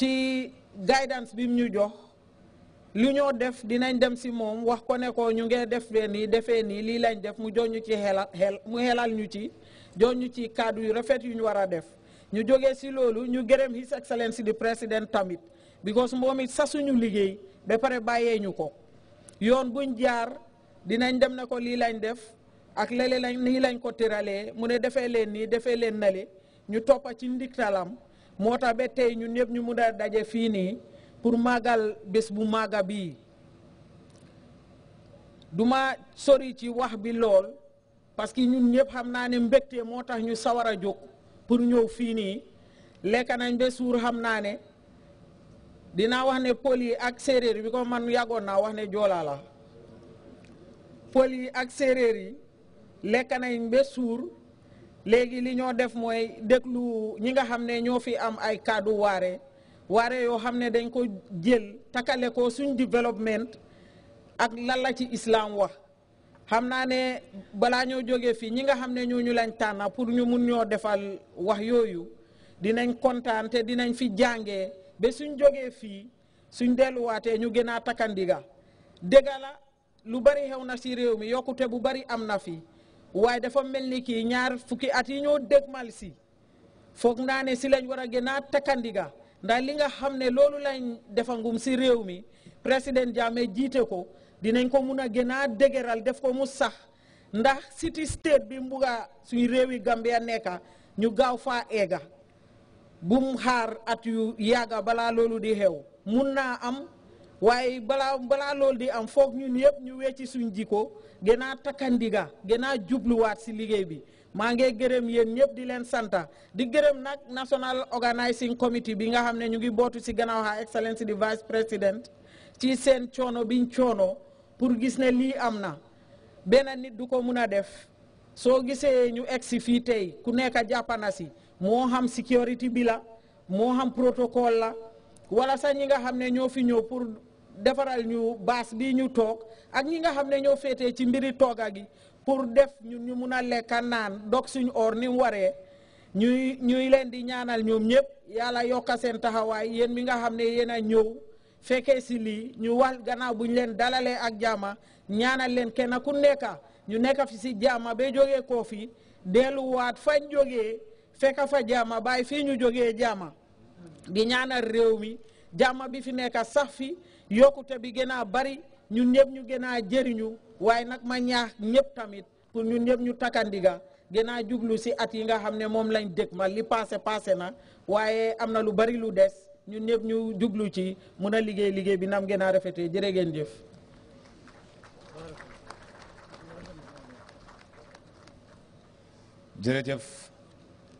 ci guidance bi mu ñu jox lu ñoo def dinañ dem si moom wax ko ne ko ñu ngee def nii defee nii lii lañ def mu jox ñu ci xelal xel mu xelal ñu ci jox ci kàddu yu rafet yu ñu war a def ñu jógee si loolu ñu gërëm his excellence di président tamit because moom it sa suñu liggéey ba pare bàyyee ñu ko yoon buñ jaar dinañ dem ne ko lii lañ def ak lële lañ nii lañ ko tëralee mu ne defee leen nii defee leen nale ñu toppa ci ndiktalam moo tax ba tey ñun ñëpp ñu mu a daje fii nii pour màggal bés bu màgga bii duma sori ci wax bi lool parce que ñun ñëpp xam naa ne mbégte moo tax ñu sawar a jóg pour ñëw fii nii lekk nañ ba suur xam naa ne dinaa wax ne pël yi ak séeréer bi ko man yàggoon naa wax ne joolaa la pël yi ak séeréer yi lekk nañ ba suur léegi li ñoo def mooy déglu ñi nga xam ne ñoo fi am ay kàddu waare waare yoo xam ne dañ ko jël takale ko suñ développement ak lan la ci islam wax xam naa ne balaa ñoo jógee fii ñi nga xam ne ñooñu lañ tànn pour ñu mun ñoo defal wax yooyu dinañ kontaan te dinañ fi jànge ba suñ jogee fii suñ delluwaatee ñu gën a takkandiga dégg lu bari xew na si réew mi yokkute bu bari am na fi. waaye dafa mel ni kii ñaar fukki at yi ñoo mal si foog naa ne si lañ war a gën a takkandiga ndax li nga xam ne loolu lañ defangum si réew mi président Jammeh jiite ko dinañ ko mun a gën a dëgëral def ko mu sax ndax city state bi mbuga suñu réew yi Gambia nekka ñu gaaw fa eega bum xaar at yu yàgga balaa loolu di xew mun naa am waaye balaa balaa loolu di am foog ñun yëpp ñu wecci suñ jiko gën a takkandiga gën a jubluwaat si liggéey bi maa ngi gërëm yéen ñëpp di leen santa di gërëm nag national organizing committee bi nga xam ne ñu ngi bootu si gannaaw ha excellence di vice président ci seen coono biñ coono pour gis ne lii am na benn nit du ko mun a def soo gisee ñu egg si fii tey ku nekk jàppana si moo xam sécurité bi la moo xam protocole la wala sax ñi nga xam ne ñoo fi ñëw pour. defaral ñu baas bi ñu toog ak ñi nga xam ne ñoo féetee ci mbiri tooga gi pour def ñu ñu mun a lekka naan dog suñu or ni waree ñu ñuy leen di ñaanal ñoom ñëpp yàlla yokka seen taxawaay yéen mi nga xam ne yéen a ñëw fekkee si lii ñu wal gannaaw bu leen dalalee ak jaama ñaanal leen kenn ku nekka ñu nekka fi si jaama ba jogee koo fi delluwaat fa jógee fekka fa jaama bàyyi fii ñu jógee jaama di ñaanal réew mi jaama bi fi nekka sax fi yokkute bi gën a bari ñun ñëpp ñu gën a jëriñu waaye nag ma ñaax ñëpp tamit pour ñun ñëpp ñu takkandiga gën a jublu si at yi nga xam ne moom lañ dëkk ma li passé passé na waaye am na lu bari lu des ñu ñëpp ñu jublu ci mun a liggéey liggéey bi nam gën a rafetee jërë ngeen jëf jërëjëf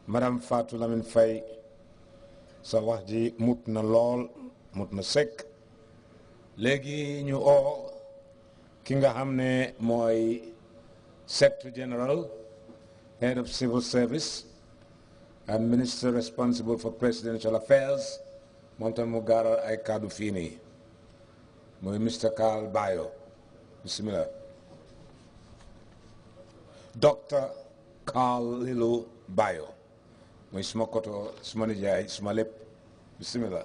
madame Fatou Lamine Faye sa wax ji mut na lool mut na sekk Legi ñu oo ki nga secretary general head of civil service and minister responsible for presidential affairs moom tam mu gaaral ay kàddu Mr. Carl Bayo bismillah Dr. Carl Lilo Bayo mooy suma koto suma smalep, suma bismillah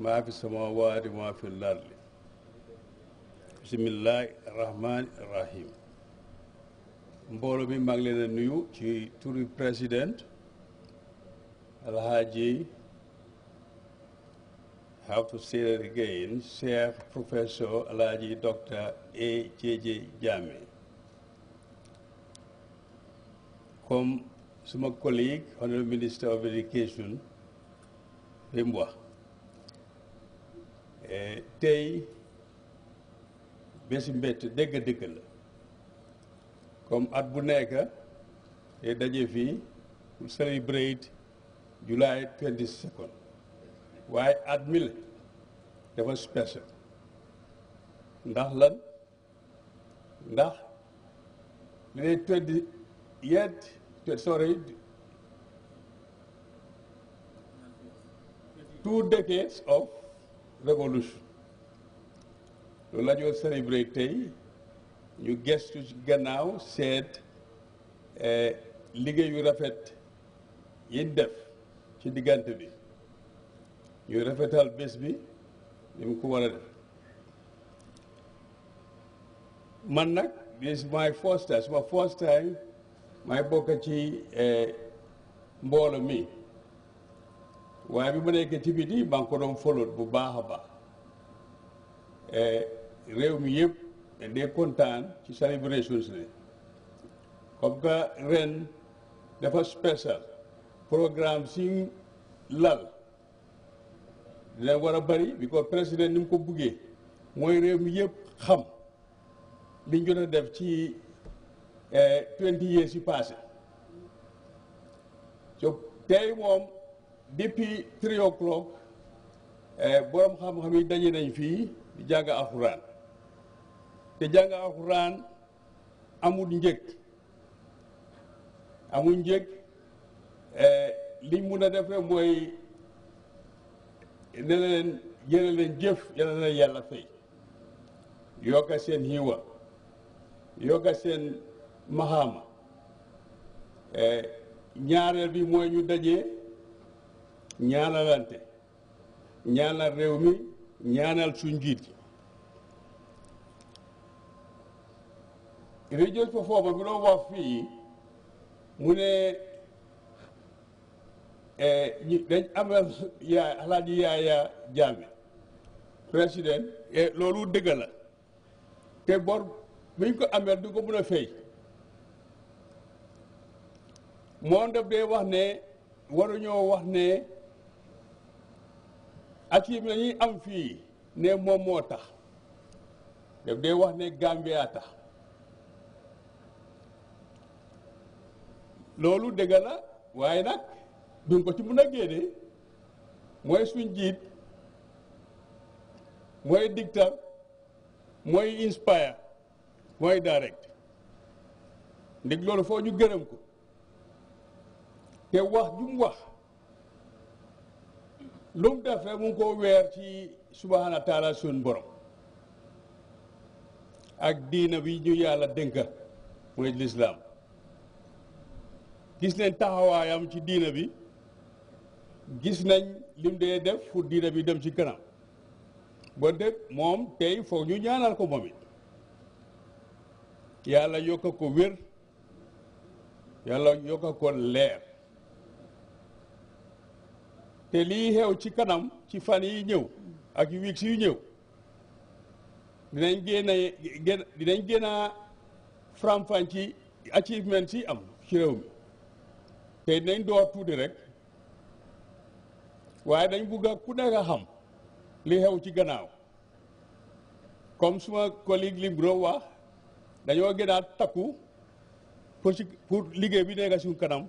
ما في السماوات وما في الأرض بسم الله الرحمن الرحيم mbooloo mi maa ngi leen a nuyu turi président alhaji have to say that again Sheikh Professor alhaji Dr. A.J.J. Jami. comme suma collègue honorable minister of education li Eh, tey bési mbett dégg dégg la comme at bu nekk te daje fii celebrate July 22nd why at mil la dafa special ndax lan ndax li twenty yet sorry two decades of révolution loolu la ñoo célébré tey ñu gestu ci gannaaw seet eh, liggéeyu rafet yiñ def ci diggante bi ñuy rafetal bés bi this is my first time My first time my bokachi ci eh, mboolo me. waaye bi mu nekkee ci biti maa ngi ko doon foloot bu baax a baax e, réew mi yëpp day kontaan ci celebrations ne comme que ren dafa spécial programme si lal dina war a bari bi ko président ni mu ko buggee mooy réew mi yëpp xam liñ jot a def ci e, twenty years yi passé so tey moom depuis three o'clock eh, borom xam-xam yi daje nañ fii di jàng alxuraan te jàng alxuraan amul njëg amul njëg eh, liñ mun a def mooy ne leen jële leen jëf yàlla na yàlla fay yokka seen xiiwa yokka seen maxaama eh, ñaareel bi mooy ñu daje. ñaanalante ñaanal réew mi ñaanal suñ njiit yi religious performance bi loo wax fii mu ne eh, dañ am na yaay alaaji jaame président eh, loolu dëgg la te bor buñ ko amee du ko mën a fay moo def dee wax ne waruñoo wax ne active la ñuy am fii ne moom moo tax daf day wax ne Gambia tax loolu dëgg la waaye nag duñ ko ci mun a génne mooy suñ jiit mooy dictat mooy inspire mooy direct ndig loolu foo ñu gërëm ko te wax ju mu wax lu mu def mu ngi weer ci subhaana taala suñ borom ak diina bi ñu yàlla dénka mooy lislaam gis nañ taxawaayam ci diina bi gis nañ lim dee def fu diina bi dem ci kanam ba dëkk moom tey foog ñu ñaanal ko moom yàlla yokk ko wér yàlla yokk ko leer te lii xew ci kanam ci fan yi ñëw ak weeks yu ñëw dinañ génn gén dinañ génn a faramfàcce ci achievement yi am ci réew mi te dinañ door tuuti rek waaye dañ bugg a ku nekk xam li xew ci gannaaw comme suma collègue lim bu wax dañoo gën a takku pour ci pour liggéey bi nekk suñ kanam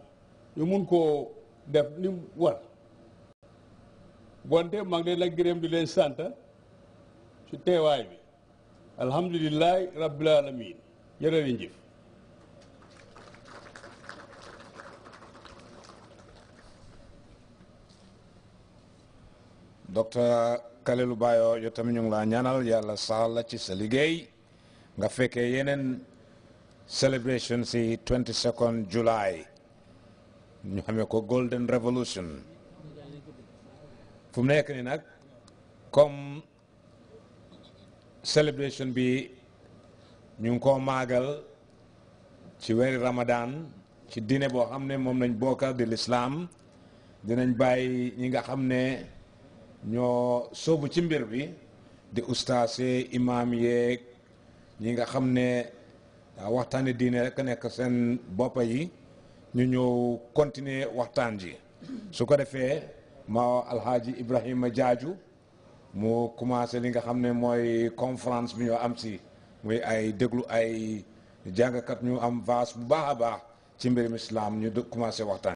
ñu mun koo def ni war. bonte maa ngi leen la gërëm di leen sant ci bi ya, alhamdulilah rabbil alamin jërë ya, leen jëf docteur Kalilou Bayo yow tamit ñu ngi ñaanal yàlla ya saxal la ci sa liggéey nga fekkee si 22 July ñu xamee ko Golden Revolution fu nekk ni nag comme célébration bi ñu ngi koo maagal ci weri ramadaan ci diine boo xam ne moom nañ bokka di lislaam dinañ bàyyi ñi nga xam ne ñoo sóobu ci mbir bi di ustaase imaam yeeg ñi nga xam ne waxtaani diine a nekk seen boppa yi ñu ñëw continuer waxtaan ji su ko defee ma alhaaji Ibrahima Jaaju mu commencé li nga xam ne mooy conférence bi ñoo am si muy ay déglu ay jàngkat ñu am vaas bu baax a baax ci mbirum islam ñu commencé waxtaan